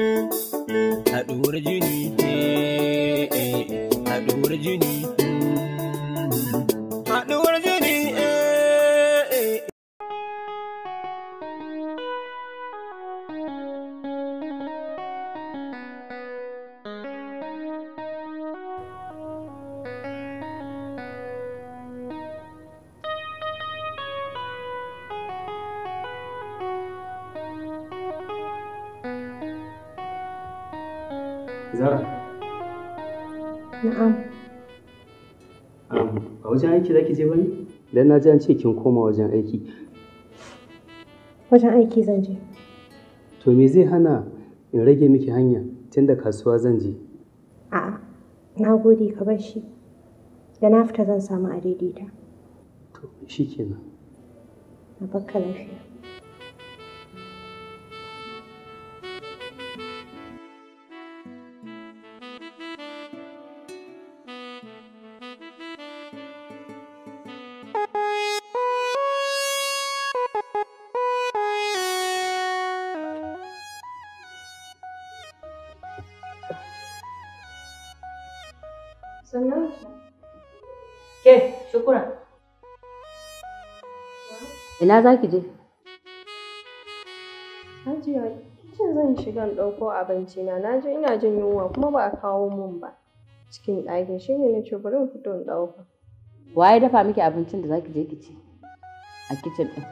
I do what do what haɗuwar need. dan na ji an ce kin koma wajen aiki wajen aiki zan je to me zai hana in rage miki hanya tunda kasuwa zan je a'a na gode ka bar shi da na fita zan samu a daidaita to kenan na bakka lafiya ina za ki je? Hajiya, kicin zan shiga in ɗauko abinci na. Na ina jin yunwa kuma ba a kawo mun ba cikin ɗakin. Shi ne na ce bari in fito in ɗauka. Wa ya dafa miki abincin da za ki je ki ci a kicin ɗin?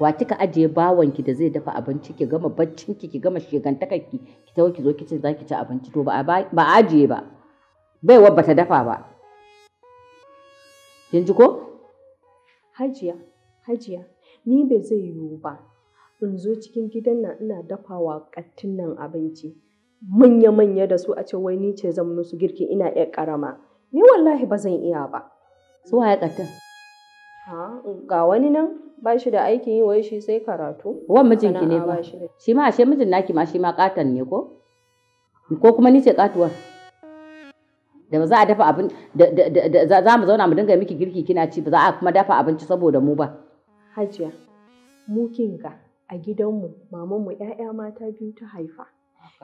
Wa kika ajiye bawanki da zai dafa abinci ki gama baccin ki gama shigantakar ki tawo ki zo kicin za ki ci abinci to ba a ajiye ba. Baiwa ba ta dafa ba. Kin ji ko? Hajiya. Hajiya, ni ba zai yiwu ba. In zo cikin gidan nan ina dafa wa ƙattin nan abinci. Manya-manya da su a ce wai ni ce zan musu girki ina iya ƙarama. Ni wallahi ba zan iya ba. Su waye ƙattin? Ha, ga wani nan ba shi da aikin yi wai shi sai karatu. Wan mijinki ne ba. Shi ma ashe mijin naki ma shi ma ƙaton ne ko? Ko kuma ni ce ƙatuwar? da ba za a dafa abin da za mu zauna mu dinga miki girki kina ci ba za a kuma dafa abinci saboda mu ba Hajiya, mu kinga a gidanmu mamanmu ‘ya'ya mata biyu ta haifa.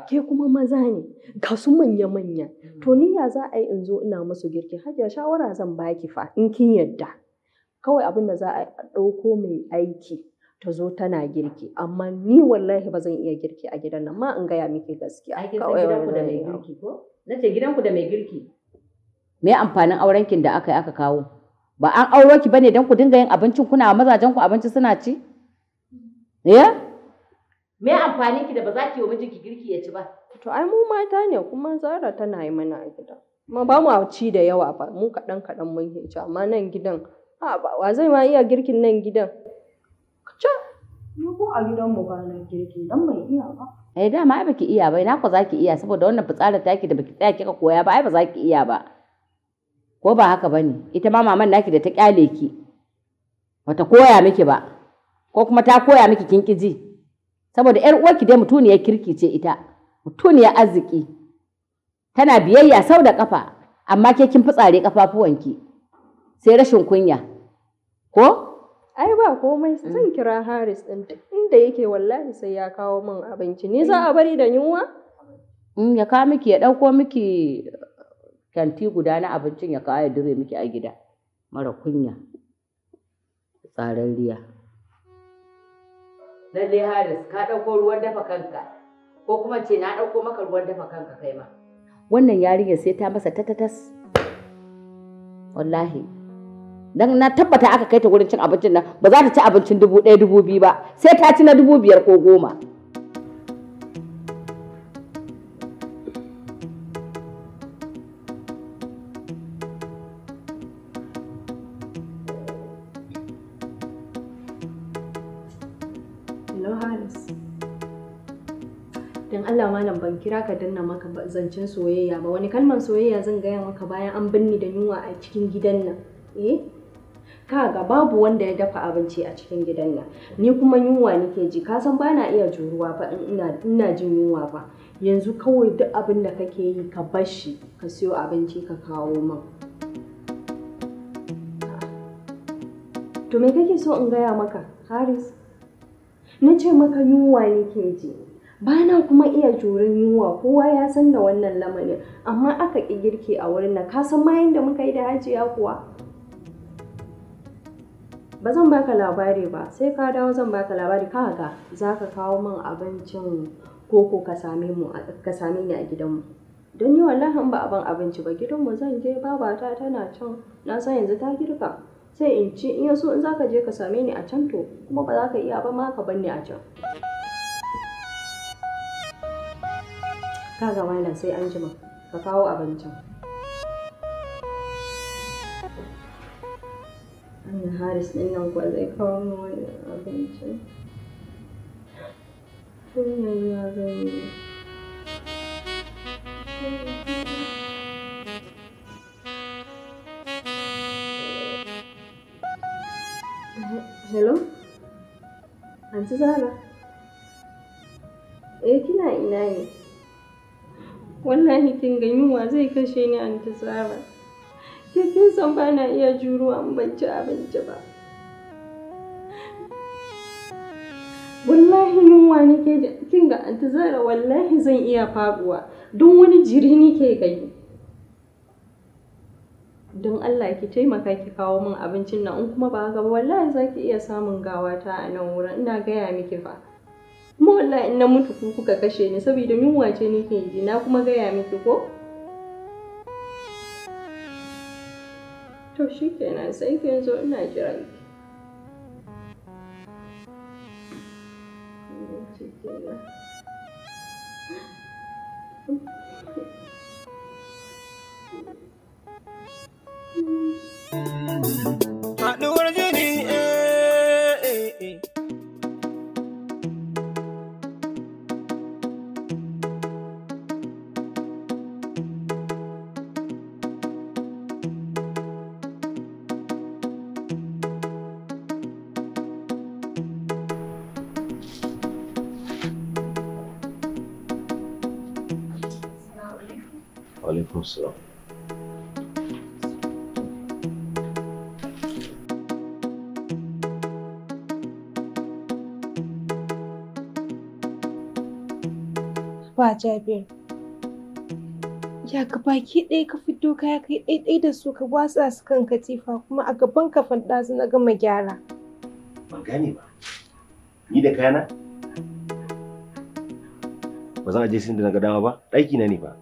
Ke kuma maza ne, ga su manya-manya. Hmm. To ni ya za a yi in zo ina musu girki? Hajiya shawara zan baki fa in kin yadda. Kawai abin da za a ɗauko mai aiki ta zo tana girki, amma ni wallahi ba zan iya girki a gidan nan ma in gaya miki gaskiya. Ai kin san da mai girki ko? Nace gidanku da mai girki. Me amfanin aurenkin da aka yi aka kawo? ba an auro ki bane don ku dinga yin abincin kuna mazajen ku abinci suna ci ya me amfani ki da ba za ki yi wa mijinki girki ya ci ba to ai mu mata ne kuma zara tana yi mana a gida ma ba mu ci da yawa ba mu kaɗan kaɗan mun ci amma nan gidan a ba wa zai ma iya girkin nan gidan ca ni ko a gidan mu ba na girki dan mai iya ba eh dama ai baki iya ba ina ko zaki iya saboda wannan fitsarar taki da baki tsaya kika koya ba ai ba zaki iya ba ko ba haka bane ita ma maman naki da ta kyale ki bata koya miki ba ko kuma ta koya miki kin ji saboda yar uwarki dai mutuniyar kirki ce ita mutuniyar arziki tana biyayya sau da kafa amma ke kin fitsare kafafuwanki sai rashin kunya ko ai ba komai zan kira Haris din inda yake wallahi sai ya kawo min abinci ni za a bari da yunwa mm, ya kawo miki ya dauko miki kanti guda na abincin ya kawo ya dure miki a gida mara kunya tsararriya lallai haris ka ɗauko ruwan dafa kanka ko kuma ce na ɗauko maka ruwan dafa kanka kai ma wannan yarinya sai ta masa tatatas wallahi dan na tabbata aka kai ta wurin cin abincin nan ba za ta ci abincin dubu ɗaya dubu biyu ba sai ta ci na dubu biyar ko goma kira ka danna maka zancen soyayya ba wani kalman soyayya zan gaya maka bayan an binni da yunwa a cikin gidan nan eh kaga babu wanda ya dafa abinci a cikin gidan nan ni kuma yunwa nake ji ka san bana iya juruwa fa ina ina jin yunwa fa yanzu kawai duk abin da kake yi ka bar shi ka siyo abinci ka kawo min to me kake so in gaya maka haris na ce maka yunwa nake ji bana kuma iya jurin yunwa kowa ya san da wannan lamarin amma aka ƙi girki a wurin nan ka san ma yadda muka yi da hajiya kuwa ba zan baka labari ba sai ka dawo zan baka labari ga za ka kawo min abincin koko ka same ni a gidanmu don yi wallahan ba abin abinci ba gidanmu zan je babata tana can na san yanzu ta girka sai in ci in yaso in zaka je ka same ni a can to kuma ba za ka iya ba ma ka bar ni a can kaga malam sai an jima ka kawo abincin Anna Haris ɗin nan kuwa zai kawo min wani abinci. ya zai yi. Hello? Anti Zara? Eh kina ina ne? wallahi kin ga yunwa zai kashe ni a ta tsara ke kin san ba na iya juruwa an ban ci abinci ba wallahi yunwa nake kin ga an ta tsara wallahi zan iya faduwa don wani jiri nake gani don Allah ki taimaka ki kawo min abincin nan in kuma ba haka ba wallahi zaki iya samun gawata a nan wurin ina gaya miki fa kuma wallahi in na mutu ku kuka kashe ni saboda yunwa ce nake ji na kuma gaya miki ko to shikenan sai ki zo ina jira ki Haba Jabir. Ya ka baki ɗaya ka fito kaya kai ɗaiɗai da su ka watsa su kan katifa kuma a gaban ka ɗazu na gama gyara. Ban gane ba. Ni da kayana? Ba zan aje sin da na ga dama ba, ɗaki na ne ba.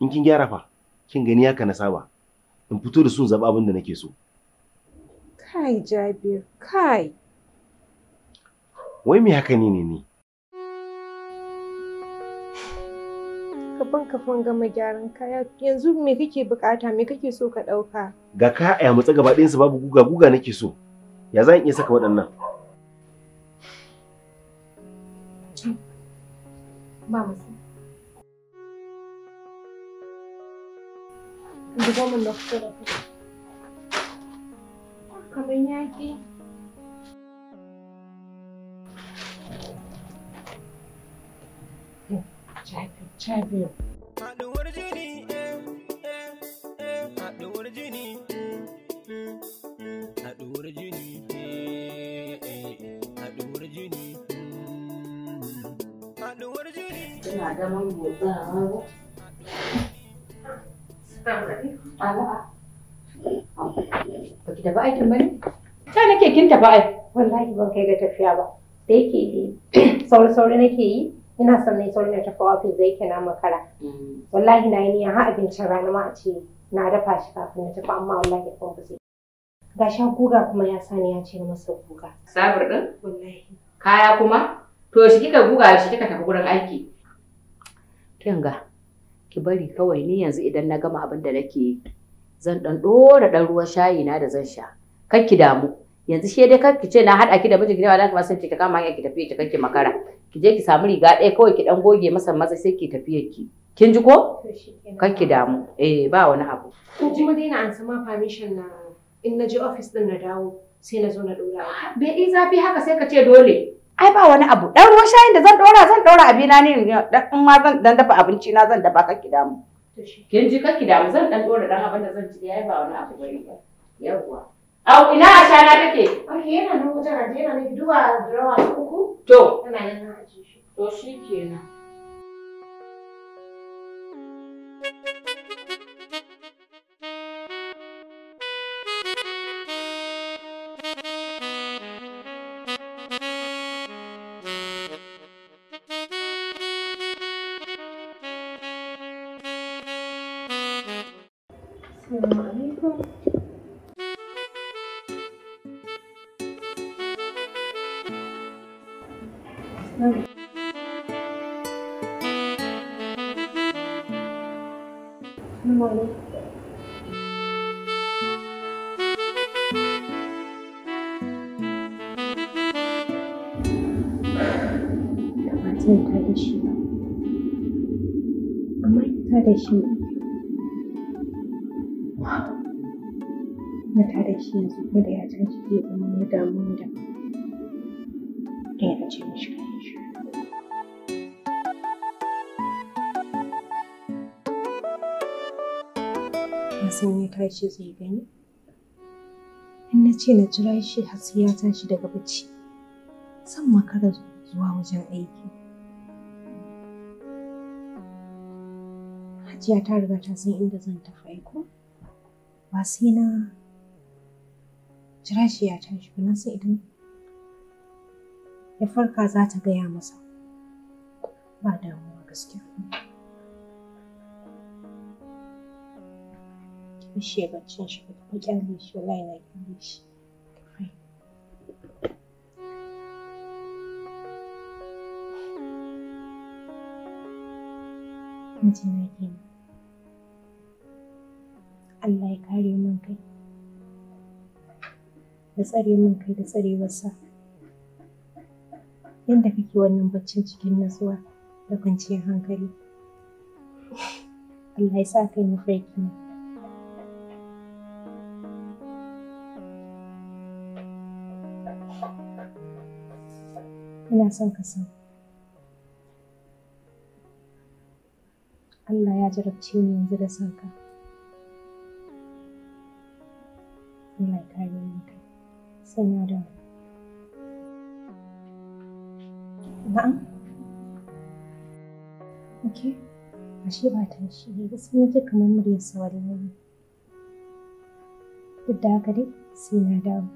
In kin gyara fa, kin gani haka na saba. In fito da su zaɓa abin da nake so. Kai Jabir, kai. Wai me haka ne ne ni? ban kafin gama gyaran kaya yanzu me kake bukata me kake so ka dauka ga ka a mutsa gaba su babu guga guga nake so ya zan iya saka waɗannan ba kamar yaki Champion. Haɗuwar a haɗuwar da Ba ki taɓa aikin ne? Ta nake kin taɓa ai. Wallahi ban kai ga tafiya ba. Da yake sauri-sauri nake yi. ina son na yi saurin tafawa pizza yake na makara mm. wallahi na yi niyan har abincin rana ma a ce na dafa shi kafin na tafi amma wallahi ban kuma zai ga sha guga kuma ya sani ya ce masa guga sabir din wallahi kaya kuma to shi kika guga shi kika tafi gurin aiki kinga ki bari kawai ni yanzu idan na gama abin da nake yi zan dan dora dan ruwan shayi na da zan sha kar ki damu yanzu shi dai kar ki ce na hada ki da miji gidawa dan ka ki ba sai ki kama hanya ki tafi ki kake makara ki je ki samu riga ɗaya kawai ki dan goge masa matsa sai ki tafiyar ki kin ji ko kar ki damu eh ba wani abu ko kuma dai na an sama permission na in na je office din na dawo sai na zo na dora bai yi zafi haka sai ka ce dole ai ba wani abu dan ruwan shayin da zan dora zan dora abina ne in ma zan dan dafa abinci na zan dafa kar ki damu kin ji kar ki damu zan dan dora dan abin da zan ci ai ba wani abu bane yawwa Au ina ashana take? Oh yana nan wajen na ne duwa drawer uku. To. Tana nan रोशनी खिलना son ta da shi ba amma ta da shi na ta da shi yanzu ko da ya tashi ke zama wani damuwa da ɗaya da ce mishi kayan shi na san ya tashi zai gani in na ce na jira shi har sai ya tashi daga bacci san makara zuwa wajen aiki hajiya ta riga ta san inda zan tafi aiko ba sai na jira shi ya tashi ba sai idan ya farka za ta gaya masa ba damuwa gaskiya ki shi ya cin shi ba ki shi wallahi na kyale shi mijina kenan Allah ya kare min kai da tsare min kai da tsarewarsa yadda kake wannan baccin cikin natsuwa da kwanciyar hankali Allah ya sa kai mafarki na ina son ka san Allah ya jarabce ni yanzu da son ka. Allah ya kare ni kai. na da Na'am. Oke, Ashe ba ta shi ne, gaskiya nake kamar muryar sawari ne. Duk da haka dai sai na dawo.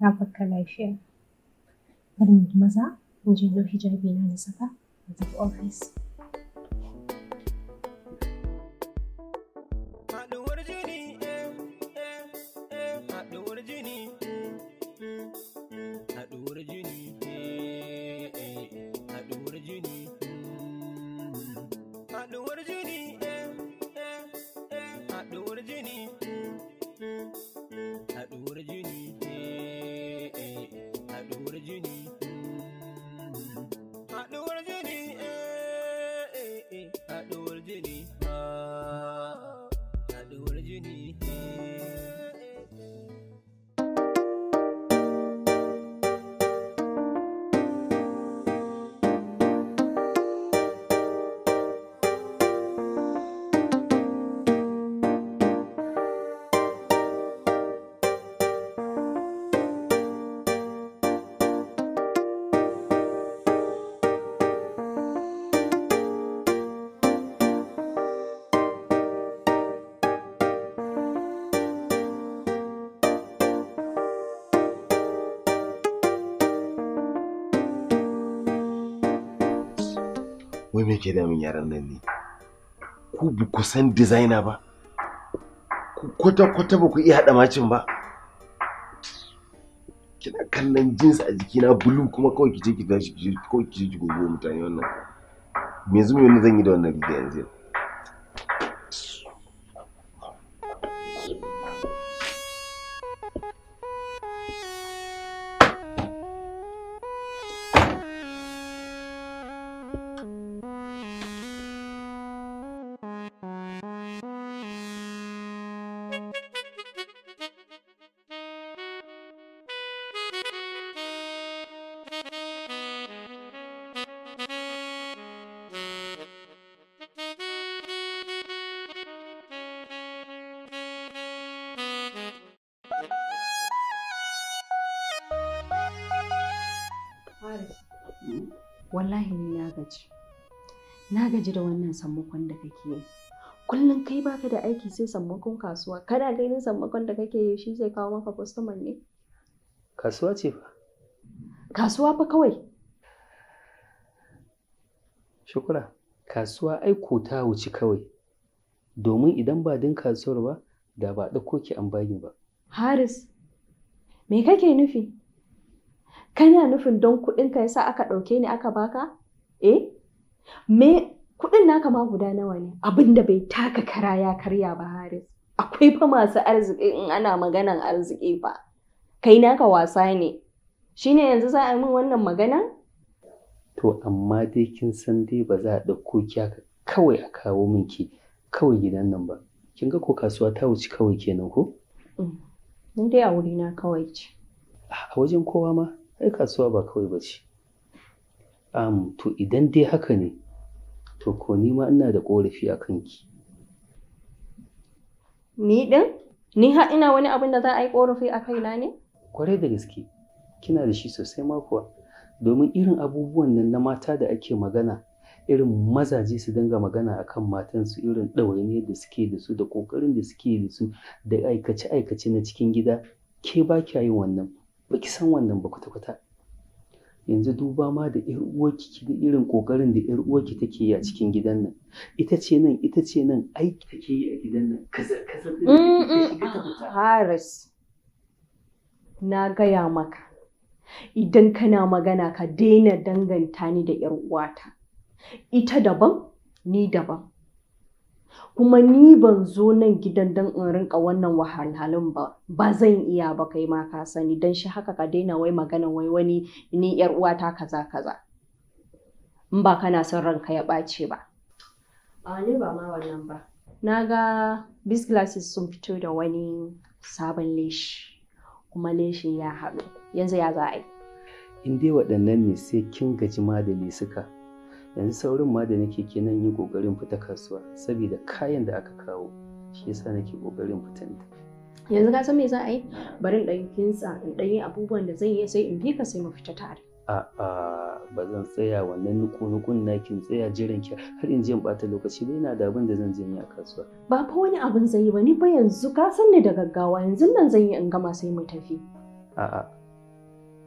Na fakka lafiya. Bari mu maza in je hijabi na na saka a tafi ofis. me ke min yaran nan ne ku bu ku san designer ba ku kwata kwata ba ku iya hada macin ba kina kallon jeans a jiki na blue kuma kawai ki je ki tashi ki je ki je gogo mutane wannan me yanzu me zan yi da wannan riga yanzu wallahi ni na gaji na gaji da wannan sammakon da kake yi kullum kai baka da aiki sai sammakon kasuwa kana ganin sammakon da kake yi shi zai kawo maka customer ne kasuwa ce fa kasuwa fa kawai shukura kasuwa ai ko ta wuci kawai domin idan ba din kasuwar ba da ba ɗauko ki an bani ba haris me kake nufi kana nufin don kuɗin ka yasa aka ɗauke ni aka baka eh me kuɗin naka ma guda nawa ne abin da bai taka kara ya karya ba haris akwai fa masu arziki in ana maganan arziki fa kai naka wasa ne shine yanzu za a yi min wannan magana to amma dai kin san dai ba za a ɗauko ki aka kawai a kawo min ki kawai gidan nan ba kin ga ko kasuwa ta wuce kawai kenan ko? Mm. Ni dai a wuri kawai ce. A wajen kowa ma? ai kasuwa ba kawai ba ce um, to idan dai haka ne to ko ni ma ina da korafi a kanki ni din ni ha ina wani abin da za a yi korafi a kaina ne kwarai da gaske kina da shi sosai ma kuwa domin irin abubuwan nan na mata da ake magana irin mazaje su dinga magana akan matansu irin ɗawainiyar da suke da su da ƙoƙarin da suke da su da aikace-aikace na cikin gida ke ba kya yin wannan Baki san wannan ba kwata-kwata yanzu duba ma da yar uwarki da irin kokarin da yar uwarki take yi a cikin gidan nan ita ce nan ita ce nan aiki take yi a gidan nan kaza kaza mm, mm, ah, Haris na gaya maka idan kana magana ka daina danganta ni da yar uwata ita daban ni daban kuma ni ban zo nan gidan don in rinka wannan wahalhalun ba ba zan iya ba kai ma ka sani don shi haka ka daina wai magana wai wani ni yar uwata kaza kaza in ba kana son ranka ya ɓace ba a ni ba ma wannan ba na ga bis glasses sun fito da wani sabon leshi kuma leshin ya haɗu yanzu ya za a yi in dai waɗannan ne sai kin gaji ma da suka yanzu saurin ma da nake kenan yi kokarin fita kasuwa saboda kayan da aka kawo shi yasa nake kokarin fita ne yanzu ka san me za a yi bari in dan kinsa in dan abubuwan da zan yi sai in bi ka sai mu fita tare a'a ba zan tsaya wannan nuku-nukun na kin tsaya jiran ki har in je in bata lokaci ba yana da abin da zan je ni a kasuwa ba fa wani abin zan yi ba ni ba yanzu ka san ni da gaggawa yanzu nan zan yi in gama sai mu tafi a'a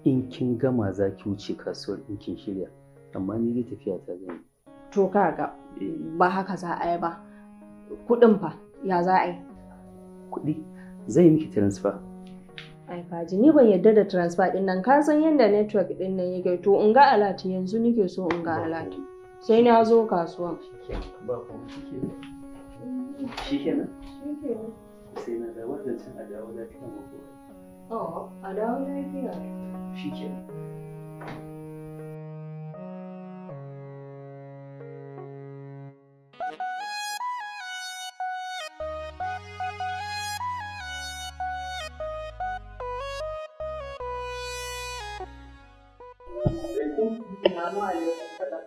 in kin gama za ki wuce kasuwar in kin shirya amma ni dai tafiya ta zan to kaga ba haka za a yi ba kuɗin fa ya za a yi kuɗi zai miki transfer ai faji ni ban yarda da transfer din nan ka san yadda network din nan yake to in ga alati yanzu nike so in ga alati sai na zo kasuwan ba ko shikenan shikenan sai na da wannan cin adawa lafiya ko ko oh adawa lafiya shikenan Assalamu alaikum.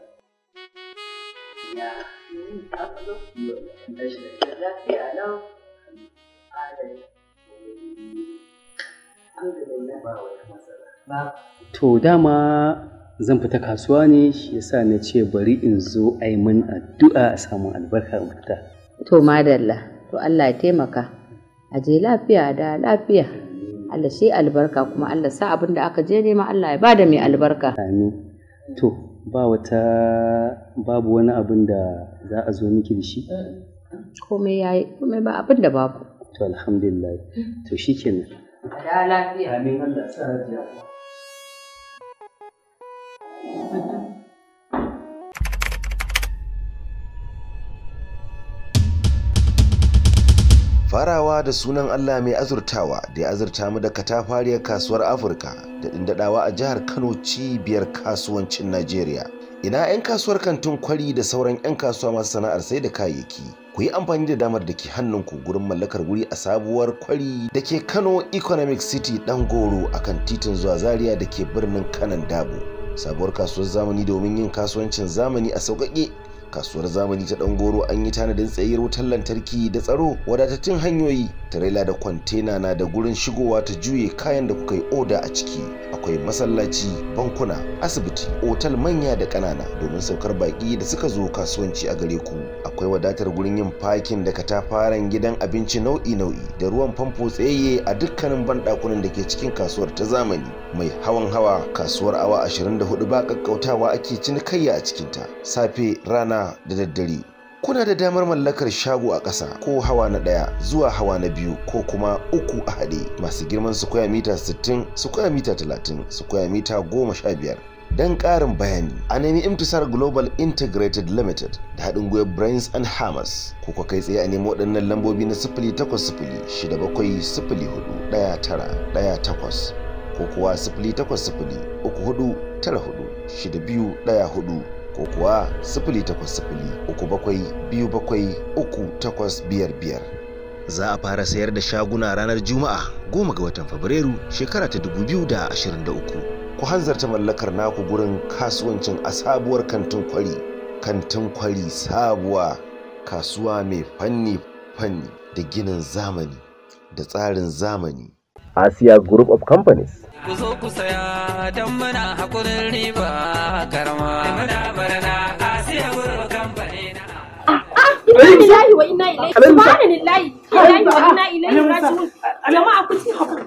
Ya, ni To dama zan fita kasuwa ne shi yasa na ce bari in zo a yi min addu'a a samu albarka fita. To madalla, to Allah ya taimaka, a je lafiya da lafiya, Allah shi albarka kuma Allah sa abin da aka je nema Allah ya bada mai albarka. Amin. to ba wata babu wani abin da za a zo miki da shi komai yayi komai ba abin da babu to alhamdulillah mm. to shikenan da lafiya amin Allah sa farawa da sunan Allah mai azurtawa da ya azurta mu da katafariyar kasuwar Afirka da dindadawa a jihar Kano cibiyar kasuwancin Najeriya. Ina 'yan kasuwar kantin kwari da sauran 'yan kasuwa masu sana'ar sai da kayayyaki. Ku yi amfani da damar da ke hannunku gurin mallakar wuri a sabuwar kwari da ke Kano Economic City ɗan goro a kan titin zuwa Zaria da ke birnin Kanan Dabo. Sabuwar kasuwar zamani domin yin kasuwancin zamani a sauƙaƙe kasuwar zamani ta dan goro an yi tanadin tsayar wutar lantarki da tsaro wadatattun hanyoyi tarela da kwantena na da gurin shigowa ta juye kayan da kuka yi oda a ciki akwai masallaci bankuna asibiti otal manya da ƙanana domin saukar baƙi da suka zo kasuwanci a gare ku akwai wadatar gurin yin fakin da katafaren gidan abinci nau'i nau'i da ruwan famfo tsayaye a dukkanin banɗakunan da ke cikin kasuwar ta zamani mai hawan hawa kasuwar awa ashirin da hudu ba kakkautawa ake cinikayya a cikinta safe rana rana da daddare kuna da damar mallakar shago a ƙasa ko hawa na ɗaya zuwa hawa na biyu ko kuma uku a haɗe masu girman sukwaya mita 60 sukwaya mita 30 sukwaya mita 15 don ƙarin bayani a nemi imtisar global integrated limited da haɗin gwiwar brains and hammers ko kwa kai tsaye a nemi waɗannan lambobi na 0806704191 ko kuwa 0806 3494 6214 ko kuwa 08037727355. Za a fara sayar da shaguna ranar Juma'a goma ga watan Fabrairu shekara ta 2023. Ku hanzarta mallakar naku gurin kasuwancin a sabuwar kantin kwari. Kantin kwari sabuwa kasuwa mai fanni fanni da ginin zamani da tsarin zamani. Asia Group of Companies ku zo ku saya don muna hakurin riba karama. Muna barana a siya wurin kamfani na. Alhamdulillahi wa inna ilaihi subhanallahi wa inna ilaihi raji'un jama'a ku ci hakuri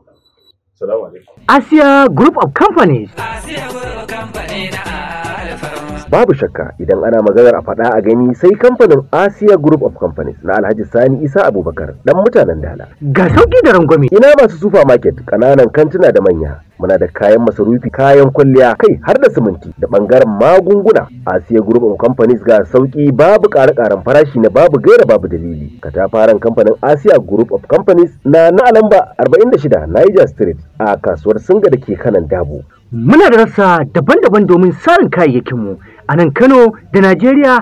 Asia Group of Companies. Babu shakka idan ana maganar a faɗa a gani sai kamfanin Asia Group of Companies na Alhaji Sani Isa Abubakar dan mutanen Dala. Ga sauki da rangwame. Ina masu supermarket, kananan kantuna da manya. muna da kayan masarufi kayan kwalliya kai har da siminti da bangaren magunguna asiya group of companies ga sauki babu ƙare ƙaran farashi na babu gaira babu dalili katafaren kamfanin Asia group of companies na na alamba 46 niger street a kasuwar singa da ke kanan dabu. muna da rasa daban-daban domin sarin kayayyakinmu a nan kano da najeriya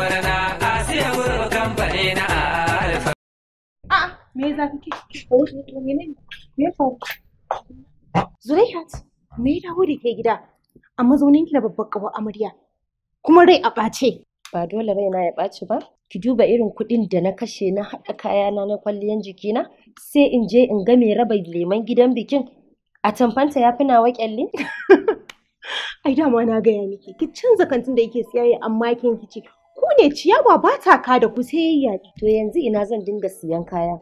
me za me ya me da ke gida a mazaunin ki da babbar kawo amarya kuma rai a ɓace ba dole raina ya ɓaci ba ki duba irin kuɗin da na kashe na haɗa kayana na kwalliyan jikina sai in je in ga mai raba leman gidan bikin a tamfanta ya fi nawa kyalli ai dama na gaya miki ki canza kantin da yake siyayya amma kin kici ku ne ciyawa ba ta ka da ku sai yayi to yanzu ina zan dinga siyan kaya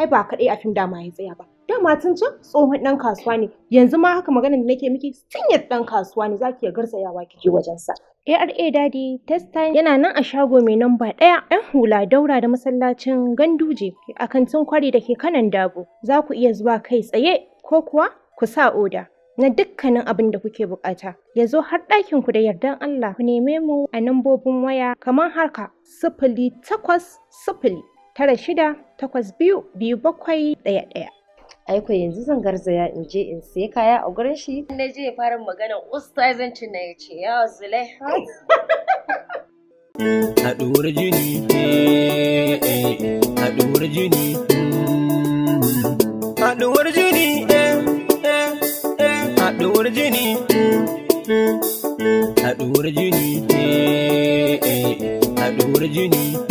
ai ba kaɗai a fim dama ya tsaya ba dama tun can tsohon ɗan kasuwa ne yanzu ma haka magana da nake miki yadda ɗan kasuwa ne zaki ya garzayawa kike wajen sa ARA Daddy test time yana nan a shago mai namba ɗaya ‘yan hula daura da masallacin ganduje a kantin kwari da ke kanan dago za ku iya zuwa kai tsaye ko kuwa ku sa oda na dukkanin abin da kuke bukata. Ya zo har ɗakin ku da yardan Allah ku neme mu a nambobin waya kamar haka sifili takwas sifili tara shida takwas biyu biyu bakwai ɗaya ɗaya. Aiko yanzu zan garzaya in je in sai kaya a gurin shi. Na je fara magana ustazancin na ya ce ya zule. Haɗuwar jini, eh, eh, haɗuwar jini, hmm. haɗuwar jini, eh, haɗuwar jini, hmm. haɗuwar jini, haɗuwar jini.